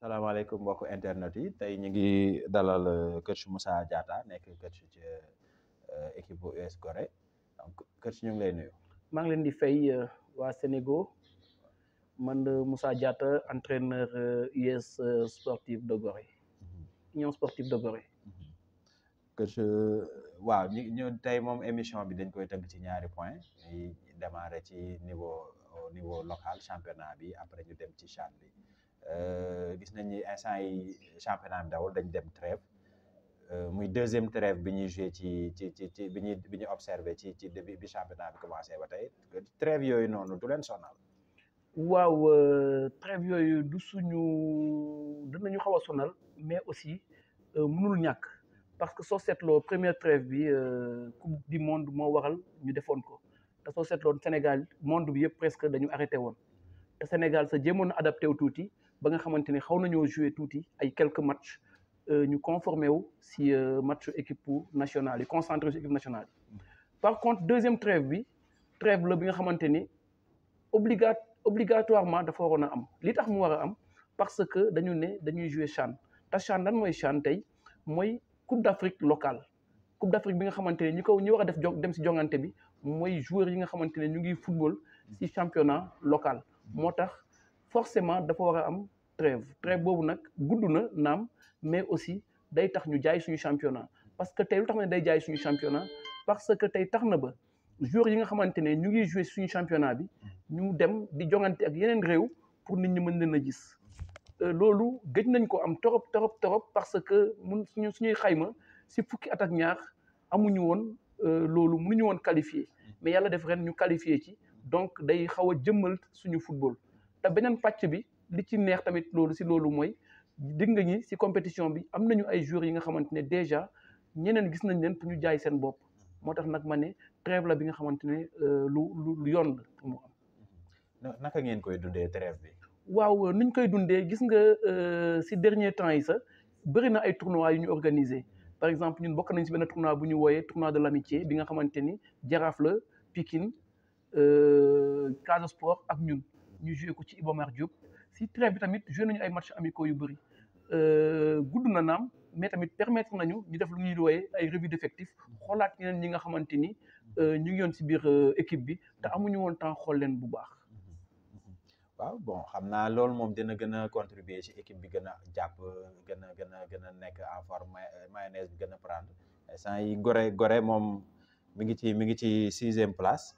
salaamaaleykum mbokk internet yi tey ñu ngi dalal euh, coach Moussa Diatta nekk coach ci euh, équipe bu US Gorée donc coach ñu ngi lay nuyu. maa ngi leen di fay euh, waa Sénégal man Moussa Diatta entraîneur s sportif de Gorée mm-hmm. union sportive de Gorée. Mm-hmm. coach waaw ñu ñu tey moom émission bi dañ koy tëgg ci ñaari point yi démarré ci niveau au niveau local championnat bi après ñu dem ci CHAN bi. Euh, gis nañ ni instant yi championnat bi dawul dañ dem trêve euh, muy deuxième trêve bi ñuy joué ci ci ci ci bi ñuy bi ñuy observé ci ci début bi championnat bi commencé ba tey trêve yooyu noonu du leen sonal. waaw euh, trêve yooyu du suñu dinañu xaw a sonal mais aussi mënul ñàkk parce que soo seetloo première trêve bi coupe du monde moo waral ñu defoon ko te soo seetloon Sénégal monde bi yëpp presque dañu arrêté woon te Sénégal sa jéemoon na adapté wu tuuti. ba nga xamante ni xaw nañoo jouer tuuti ay quelques matchs euh, ñu conformé wu si euh, match équipe nationale yi concentré si équipe nationale yi mm. par contre deuxième trêve bi trêve bi nga xamante ni obliga obligatoirement dafa waroon a am li tax mu war a am parce que dañu ne dañuy jouer CHAN te CHAN lan mooy CHAN tey mooy coupe d'Afrique locale coupe d'Afrique bi nga xamante ni ñi ko ñi war a def dem si jongante bi mooy joueurs yi nga xamante ne ñu ngi football si championnat local mm. moo tax forcément dafa war a am trêve trêve boobu nag gudd na naam mais aussi day tax ñu jaay suñu championnat parce que tey lu tax na day jaay suñu championnat parce que tey tax na ba joueurs yi nga xamante ne ñu ngi joué suñu championnat bi ñu dem di jongante ak yeneen réew pour nit ñi mën leen a gis euh, loolu gëj nañ ko am trop trop trop parce que mun suñu suñuy xayma si fukki at ak ñaar amuñu woon euh, loolu mënuñu woon qualifié mais yàlla def ren ñu qualifié ci donc day xaw a jëmmal suñu football te beneen pàcc bi li ci neex tamit loolu si loolu mooy dégg nga ñi si compétition bi am nañu ay joueurs yi nga xamante ne déjà ñeneen gis nañ leen pour ñu jaay seen bopp moo tax nag ma ne trêve la bi nga xamante ne euh, lu lu yoon la pour mu am. naka ngeen koy dundee trêve bi. waaw euh, nuñ koy dundee gis nga euh, si dernier temps yi sax bëri na ay tournois yu ñu organisé par exemple ñun bokk nañ si benn tournoi bu ñu wooyee tournoi de l'amitié bi nga xamante ni Jaraaf la Pikine ak ñun. ñu joué ko ci Iba Mar Diop si trêve bi tamit joué nañu ay match amicaux yu bëri euh, gudd na naam mais tamit permettre nañu ñu def lu ñuy wooyee ay revue d'effectif xoolaat ñeneen ñi nga xamante ni euh, ñu ngi yoon si biir euh, équipe bi te amuñu woon temps xool leen bu baax. waaw bon xam naa loolu moom dina gën a contribuer ci équipe bi gën a jàpp gën a gën gën a nekk en forme mayonnaise bi gën a prendre instant yi gore gore moom mi ngi ci mi ngi ci sixième place.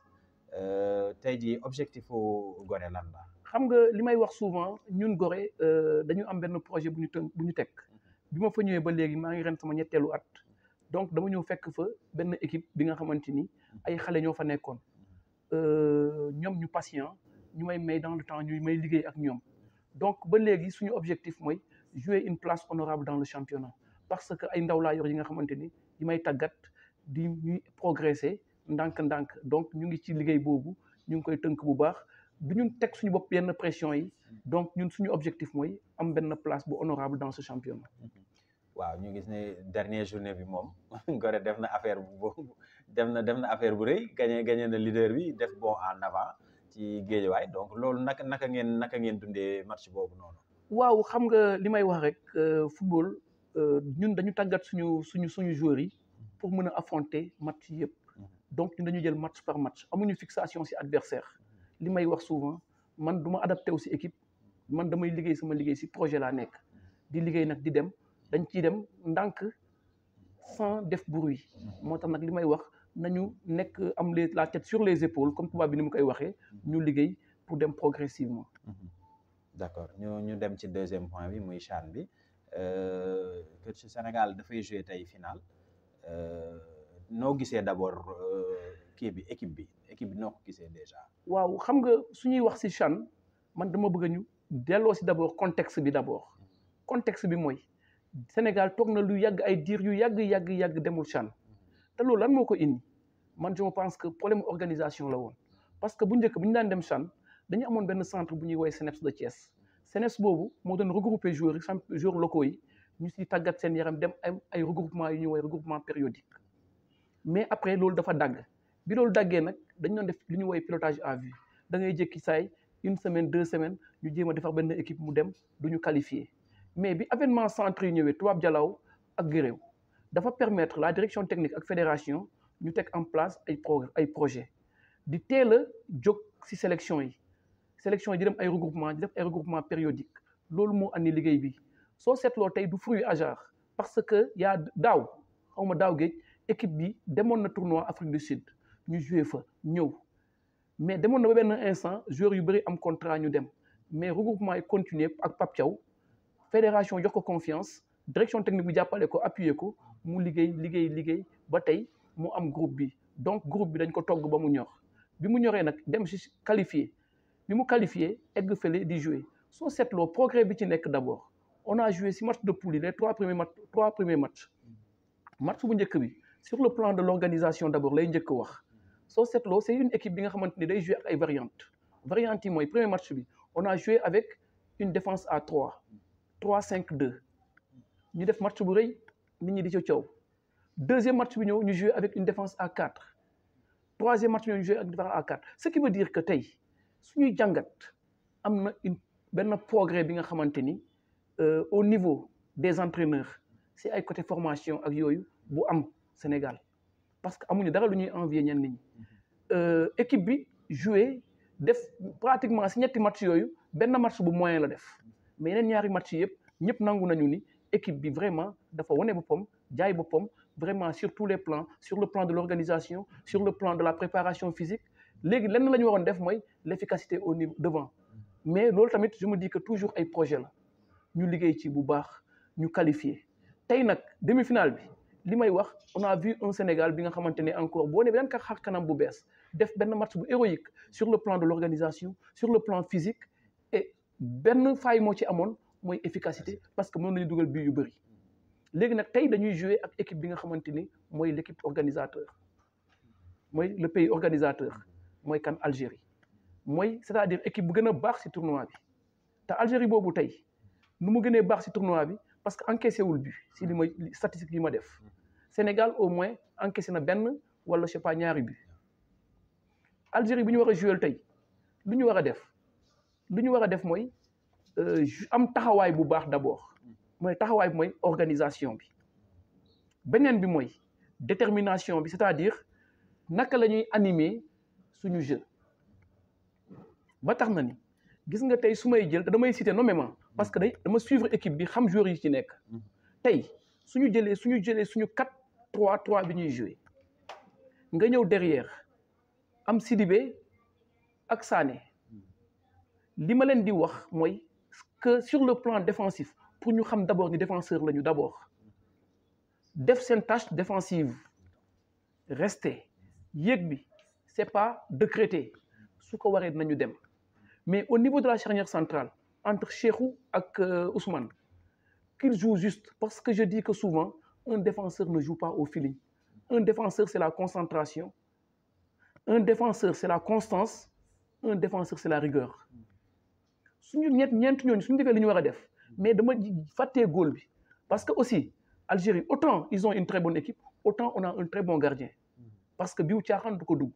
Euh, tey jii objectifu gore lan xam nga li may wax souvent ñun Gorée euh, dañu am benn projet bu ñu tënk bu ñu teg mhm. bi ma fa ñëwee ba léegi maa ngi ren sama ñetteelu at donc dama ñëw fekk fa benn équipe bi nga xamante ni ay xale ñoo fa nekkoon mhm. euh, ñoom ñu patient ñu may may dans le temps ñuy may liggéey ak ñoom donc ba léegi suñu objectif mooy jouer une place honorable dans le championnat parce que ay ndaw laa yi nga xamante ni yi may tàggat di ñuy progresser. ndànk-ndànk donc ñu ngi ci liggéey boobu ñu ngi koy tënk bu baax bu ñun teg suñu bopp yenn pression yi donc ñun suñu objectif mooy am benn place bu honorable dans ce championnat waaw ñu gis ne dernière journée bi moom Goré def na affaire bu def na def na affaire bu rëy gagné gagné na leader bi def bon en avant ci géejawaay donc loolu naka naka ngeen naka ngeen dundee match boobu noonu waaw xam nga li may wax rek euh, football euh, ñun dañu tàggat suñu suñu suñu joueurs yi pour mën a affronter match yëpp donc ñu dañu jël match par match amuñu fixation ci adversaire li may wax souvent man duma ma adapté aussi équipe man damay liggéey sama liggéey ci projet laa nekk di liggéey nag di dem dañ ciy dem ndànk sans def bruit moo tax nag li may wax nañu nekk am les la tête sur les épaules comme tubaab bi ni mu koy waxee ñu liggéey pour dem progressivement mhm. d'accord ñu ñu dem ci deuxième point bi muy CHAN bi que euh, Sénégal dafay jouer tey final euh, noo gisee d'abord euh, kii bi équipe bi équipe bi noo ko gisee déjà. waaw xam nga su ñuy wax ci CHAN man dama bëgg ñu delloo ci d'abord contexte bi d'abord contexte bi mooy Sénégal toog na lu yàgg ay diir yu yàgg yàgg yàgg demul CHAN te loolu lan moo ko indi man je pense que problème organisation la woon parce que bu njëkk bu ñu daan dem CHAN dañu amoon benn centre bu ñuy woowee CNEPS de Thiès CNEPS boobu moo doon regrouper joueurs yi joueurs locaux yi ñu ci tàggat seen yaram dem ay regroupement yu ñuy woowee regroupement périodique. mais après loolu dafa dagg bi loolu daggee nag dañu doon def li ñu woy pilotage à vie da ngay jékki saay une semaine deux semaines ñu jéem a defar benn équipe mu dem du ñu qualifié mais bi avènement centre yi ñëwee tubaab jalaw ak gëréew dafa permettre la direction technique ak fédération ñu teg en place ay pro ay projet di teel a jóg ci sélection yi sélection yi di dem ay regroupement di def ay regroupement périodique loolu moo andi liggéey bi soo seetloo tey du fruit hasard parce que yaa daaw xaw ma daaw géej équipe bi demoon na tournoi Afrique du Sud ñu joué fa ñëw mais demoon na ba benn instant joueur yu bëri am contrat ñu dem mais regroupement yi continuer ak Pape Thiaw fédération jox ko confiance direction technique bi jàppale ko appuyer ko mu liggéey liggéey liggéey ba tey mu am groupe bi donc groupe bi dañ ko togg ba mu ñor bi mu ñoree nag dem ci qualifié bi mu qualifié egg fële di jouer soo seetloo progrès bi ci nekk d'abord on a joué ci match de poule les trois premiers matchs trois premiers matchs match bu njëkk bi sur le plan de l'organisation d'abord lay njëkk wax soo seetloo c'est une équipe bi nga xamante ni day jouer ak ay variantes variantes yi mooy premier match bi on a joué avec une défense à trois trois cinq deux ñu def match bu rëy nit ñi di ci coow deuxième match bi ñëw ñu joué avec une défense à quatre troisième match bi ñëw ñu joué avec une à quatre ce qui veut dire que tey suñuy jàngat am na une benn progrès bi nga xamante ni euh, au niveau des entraîneurs si ay côté formation ak yooyu bu am. Sénégal parce que amuñu dara lu ñuy envier ñenn nit ñi mhm. euh, équipe bi joué def pratiquement si ñetti match yooyu benn match bu moyen la def mais yeneen ñaari match yëpp ñëpp nangu nañu ni équipe bi vraiment dafa wane boppam jaay boppam vraiment sur tous les plans sur le plan de l'organisation sur le plan de la préparation physique léegi lenn la ñu waroon def mooy l'efficacité au niveau devant mhm. mais loolu tamit je me di que toujours ay projet la ñu liggéey ci bu baax ñu qualifié tey nag demi bi li may wax on a vu Sénégal bi nga xamante ne encore boo ne beneen ka xar kanam bu bees def benn match bu héroïque sur le plan de l'organisation sur le plan physique et benn faille moo ci amoon mooy efficacité parce que mën nañu dugal bii yu bëri léegi nag tey dañuy jouer ak équipe bi nga xamante ni mooy l'équipe organisateur mooy le pays organisateur mooy kan Algérie mooy c'est-à-dire équipe bu gën a baax ci tournoi bi te Algérie boobu tey nu mu gënee baax ci tournoi bi parce que encaissé wul but si li ma statistique yi ma def mhm. Sénégal au moins encaissé na benn wala je ñaari bi Algérie bi ñu war a joué tey lu ñu war a def lu ñu war a def mooy euh, am taxawaay bu baax d'abord mhm. mooy taxawaay bi mooy organisation bi beneen bi mooy détermination bi c'est-à-dire naka la ñuy animer suñu jeu ba tax na ni gis nga tey su may jël te damay citer nommément parce que day dama suivre équipe bi xam joueurs yi ci nekk. Mhm. tey ñu jëlee suñu jëlee suñu 4-3-3 bi ñuy joué nga ñëw derrière am Sidibé ak Sané mhm. li ma leen di wax mooy sur le plan défensif pour ñu xam d' abord ni défenseur lañu d' abord def seen tâche défensive rester yéeg bi c' est pas décrété su ko waree nañu dem mais au niveau de la charnière centrale. entre Cheikhou ak euh, Ousmane qu'il joue juste parce que je dis que souvent un défenseur ne joue pas au feeling un défenseur c'est la concentration un défenseur c'est la constance un défenseur c'est la rigueur suñu ñett ñeent ñooñu suñu defee li ñu war a def mais dama fàttee góol bi parce que aussi Algérie autant ils ont une très bonne équipe autant on a un très bon gardien parce que biu caaxaan du ko dugg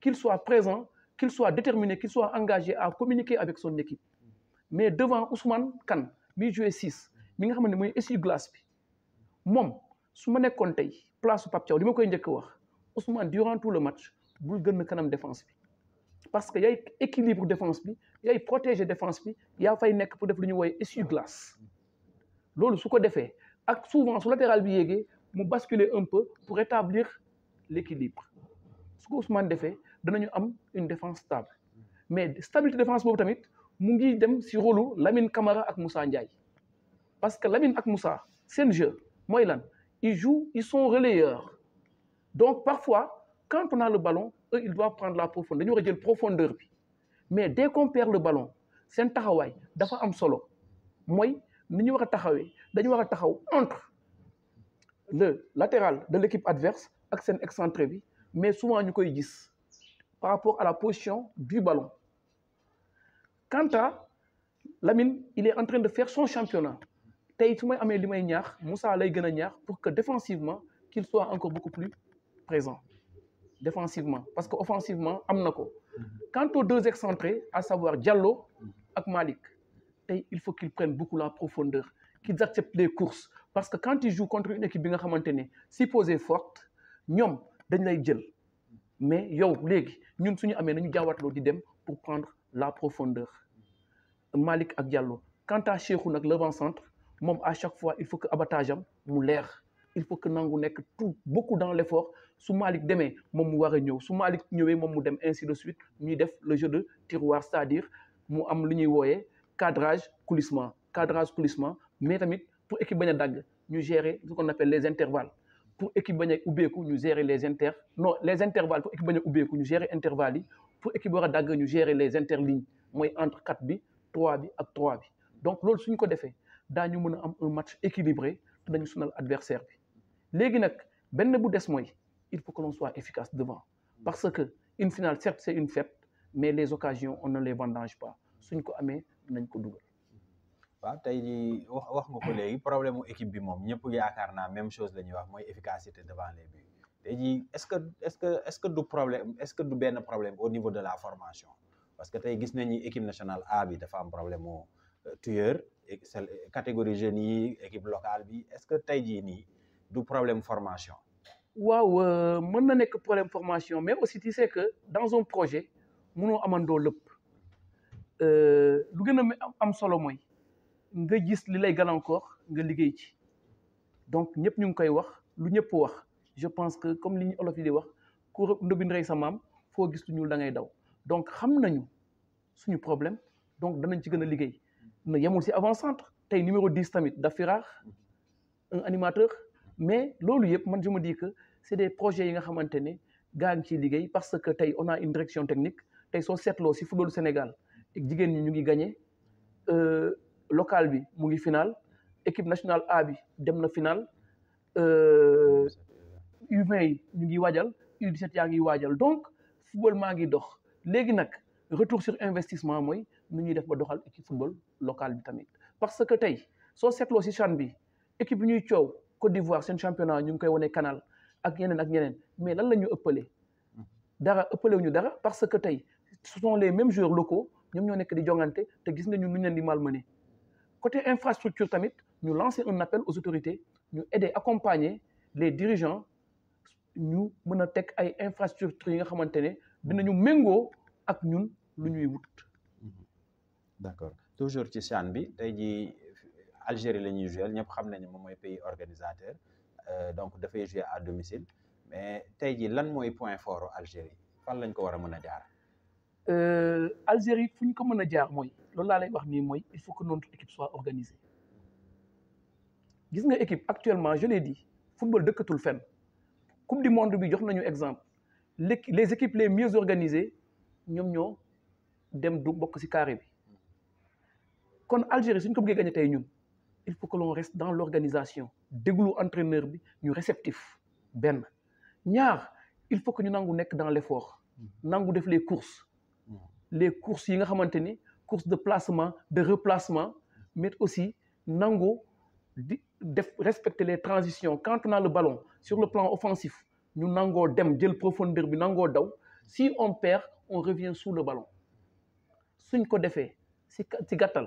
qu'il soit présent qu'il soit déterminé qu'il soit engagé à communiquer avec son mais devant Ousmane Kane mi joué six mi nga xamante mooy essuie-glace bi moom su ma nekkoon tey place su Pape Thiaw li ma koy njëkk wax Ousmane durant tout le match bul gën kanam défense bi parce que yaay équilibre défense bi yaay protéger défense bi yaa fay nekk pour def lu ñuy woowee essuie-glace loolu su ko defee ak souvent su latéral bi yéegee mu basculer un peu pour rétablir l'équilibre su ko Ousmane defee danañu am une défense stable mais stabilité défense boobu tamit mu ngi dem si rôlu Lamine Camara ak Moussa Ndiaye parce que Lamine ak Moussa seen jeu mooy lan ils jouent il sont relayeurs donc parfois quand on a le ballon eux ils doivent prendre la profondeur dañu war a jël profondeur bi mais dès qu'on le ballon seen taxawaay dafa am solo mooy ni ñu war a taxawee dañu war a taxaw entre le latéral de l'équipe adverse ak seen excentré bi mais souvent ñu koy gis par rapport à la position du ballon quant à Lamine il est en train de faire son championnat tey su may amee li may ñaax Moussa lay gën a ñaax pour que défensivement qu'il soit encore beaucoup plus présent défensivement parce que offensivement am na ko quant aux deux excentrés à savoir Diallo ak Malick tey il faut qu'ils prennent beaucoup la profondeur qu'ils acceptent les courses parce que quand ils jouent contre une équipe bi nga xamante ne supposée forte ñoom dañ lay jël mais yow léegi ñun suñu amee nañu jaawatloo di dem pour prendre la profondeur Malick ak Diallo quant à nag l'avant centre moom à chaque fois il faut que abattage mu leer il faut que nangu nekk tout beaucoup dans l'effort su Malick demee moom mu war a ñëw su Malick ñëwee moom mu dem ainsi de suite ñuy def le jeu de tiroir cest dire mu am lu ñuy wooyee cadrage coulissement cadrage coulissement mais tamit pour équipe bañ a dagg ñu gérer ce qu'on les intervalles pour équipe bañ ubbeeku ñu gérer les inter non les intervalles pour équipe bañ ñu gérer intervalles pour équipe dagg ñu gérer les interlignes mooy entre bi trois bi ak trois bi donc loolu suñ ko defee daañu mën a am un match équilibré te dañu sonal adversaire bi léegi nag benn bu des mooy il faut que l'on soit efficace devant parce que une finale certes c'est une fête mais les occasions on ne les vendange pas suñ ko amee nañ ko dugal. waaw tey jii wax wax nga ko léegi problème mu équipe bi moom ñëpp yaakaar naa même chose la ñuy wax mooy efficacité devant les buts tey jii est-ce que est-ce est est-ce niveau de la formation. parce que tey gis nañu équipe nationale A bi dafa am problème mu euh, tueur catégorie jeunes yi équipe locale bi est-ce que tey jii nii du problème formation. waaw euh, mën na nekk problème formation mais aussi tu sais que dans un projet mënoo amandoo lépp euh, lu gën a am solo mooy nga gis li lay gàllankoor nga liggéey ci donc ñëpp ñu ngi koy wax lu ñëpp wax je pense que comme li ñu olof di wax ku ndóbin rey sa maam foo gis lu ñuul da ngay daw. donc xam nañu suñu problème donc danañ ci gën a liggéey na yemul si avant centre tey numéro 10 tamit da raax un animateur mais loolu yëpp man je me dis est des projets yi nga xamante ne gaa ngi ciy liggéey parce que tey on a une direction technique tey soo seetloo si footballu Sénégal jigéen ñi ñu ngi gagné euh, local bi mu ngi final équipe nationale A bi dem na finaal euh, u yi ñu ngi waajal U17 yaa ngi waajal donc football maa ngi dox. léegi nag retour sur investissement mooy nu ñuy def ba doxal équipe football local bi tamit parce que tey soo seetloo si CHAN bi équipe bi ñuy coow Côte d'Ivoire seen championnat ñu ngi koy wane canal ak yeneen ak ñeneen mais lan la ñu ëppale dara ëppale ñu dara parce que tey soo sont les mêmes joueurs locaux ñoom ñoo nekk di jongante te gis nga ñun ñu leen di malmené côté infrastructure tamit ñu lancer un appel aux autorités ñu aider accompagner les dirigeants ñu mën a teg ay infrastructures yi nga xamante ne ñu méngoo ak ñun lu ñuy wut. d'accord toujours ci CHAN bi tey jii Algérie la ñuy joué ñëpp xam nañu moom mooy pays organisateur euh, donc dafay joué à domicile mais tey jii lan mooy point fort Algérie fan lañ ko war a mën a jaar. Euh, Algérie fu ñu ko mën a jaar mooy loolu laa lay wax nii mooy il faut que notre équipe soit organisée gis nga équipe actuellement je l'ai dit football dëkkatul fenn coupe du monde bi jox nañu exemple. les équipes les mieux organisées ñoom ñoo dem du bokk ci carré bi kon Algérie suñ ko bëggee gagné tey ñun il faut que l'on reste dans l'organisation déglu entraîneur bi ñu réceptif benn ñaar il faut que ñu nangu nekk dans l'effort nangu def les courses les courses yi nga xamante ni courses de placement de replacement mais aussi nangu di def respecter les transitions quand on a le ballon sur le plan offensif ñu nangoo dem jël profondeur bi nangoo daw si on perd on revient sous le ballon suñ ko defee si ci gàttal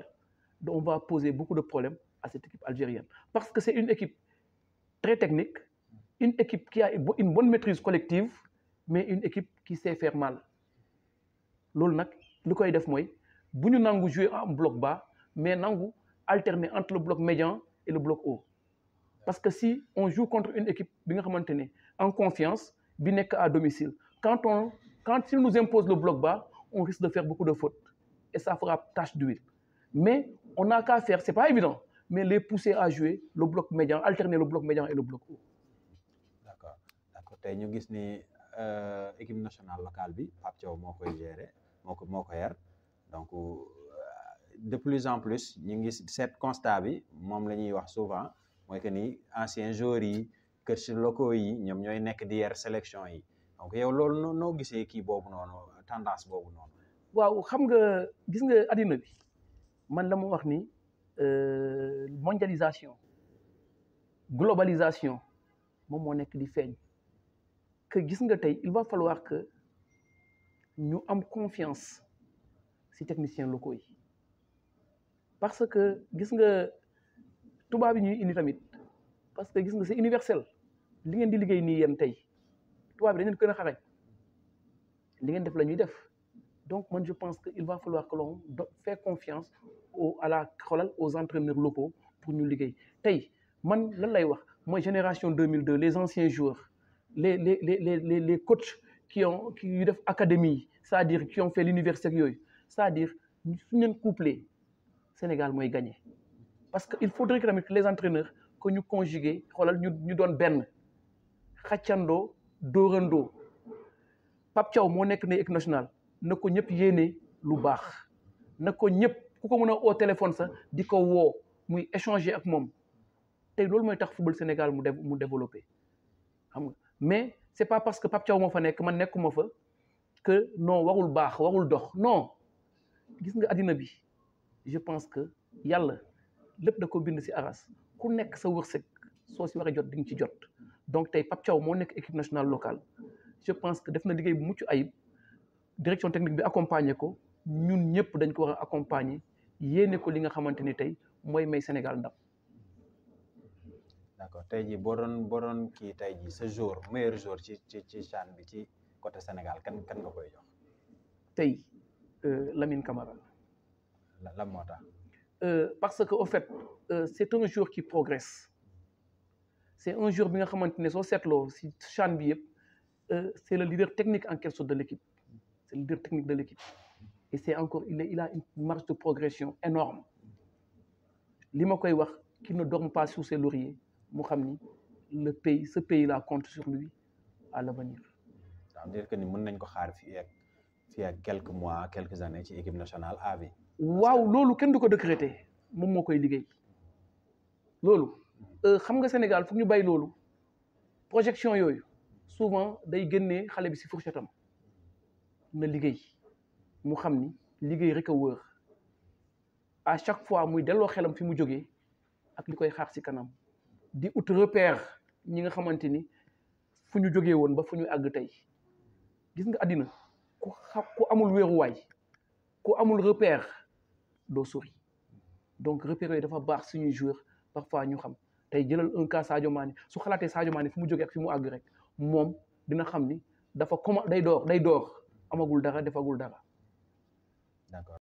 on va poser beaucoup de problèmes à cette équipe algérienne parce que c'est une équipe très technique une équipe qui a une bonne maîtrise collective mais une équipe qui sait faire mal loolu nag li koy def mooy bu ñu nangu jouer en bloc bas mais nangu alterner entre le bloc médian et le bloc haut parce que si on joue contre une équipe bi nga xamante ne en confiance bi nekk à domicile quand on quand il nous impose le bloc bas on risque de faire beaucoup de fautes et ça fera tache d'huile mais on n'a qu'à faire c'est pas évident mais les pousser à jouer le bloc médian alterner le bloc médian et le bloc haut. d'accord d'accord tey ñu gis ni euh, équipe nationale locale bi Pape Thiaw moo koy gérer moo ko moo ko donc euh, de plus en plus ñu ngi seet constat bi moom la ñuy wax souvent mooy que ni anciens joueurs yi. coach locaux yi ñoom ñooy nekk di yer sélection yi donc yow loolu noo noo gisee kii boobu noonu tendance boobu noonu. waaw xam nga gis nga addina bi man la mu wax ni euh, mondialisation globalisation moom moo nekk di feeñ que gis nga tey il va falloir que ñu am confiance ci techniciens locaux yi parce que gis nga tubaab yi ñuy indi tamit parce que gis nga si universel li ngeen di liggéey nii yéen tey tubaab bi dañ leen gën a xarañ li ngeen def la ñuy def donc man je pense que il va falloir que l'on fait confiance au à la xoolal aux entraîneurs locaux pour ñu liggéey tey man lan lay wax mooy génération 2002 les anciens joueurs les les les les les les coachs qui ont qui yu def académie c'est-à-dire qui ont fait l'université yooyu c'est-à-dire suñu leen coupler Sénégal mooy gagné parce que il faudrait que tamit les entraîneurs que ñu conjuguer xoolal ñu ñu doon benn. xàccandoo doorandoo Pape moo nekk ne équipe nationale na ko ñëpp yéene lu baax na ko ñëpp ku ko mën a oo téléphone sax di ko woo muy échangé ak moom tey loolu mooy tax football Sénégal mu mu développé xam nga mais c'est pas parce que Pape Thiaw moo fa nekk man nekkuma fa que non warul baax warul dox non gis nga àddina bi je pense que yàlla lépp da ko bind ci aras ku nekk sa wërsëg soo ci waree jot di nga ci jot donc tey Pape Thiaw moo nekk équipe nationale locale je pense que def na liggéey bu mucc ayib direction technique bi accompagner ko ñun ñëpp dañ ko war a accompagner yéene ko li nga xamante ni tey mooy may Sénégal ndax d'accord tey jii boo doon boo doon kii tey jii ce jour meilleur jour ci ci ci bi ci côté Sénégal kan kan nga koy jox. tey euh, Lamine Camara. lan moo tax. Euh, parce que au fet euh, c'est un jour qui progresse. c'est un joueur bi nga xamante ne soo seetloo si CHAN bi yëpp euh, c'est le leader technique en quelque sorte de l'équipe c'est le leader technique de l'équipe et c'est encore il il a une marge de progression énorme li ma koy wax qu'il ne dorme pas sous ses lauriers mu xam ni le pays ce pays là compte sur lui à l'avenir ça ni mën nañ ko xaar fii ak fii ak mois quelques années ci équipe nationale A waaw loolu kenn du ko décréter moom moo koy liggéey loolu Euh, xam nga Sénégal foog ñu bàyyi loolu projection yooyu souvent day génne xale bi si fourchette am na liggéey mu xam ni liggéey rek a wër a chaque fois muy delloo xelam fi mu jógee ak li koy xaar si kanam di ut repère ñi nga xamante ni fu ñu jógee woon ba fu ñu àgg tey gis nga àddina ku xa ku amul wéeruwaay ku amul repère doo sori donc repère yooyu dafa baax suñuy joueur parfois ñu xam tey jëlal un cas Sadio su xalaatee Sadio Mané fi mu jógee ak fi mu àgg rek moom dina xam ni dafa comment day door day door amagul dara defagul dara. d'accord.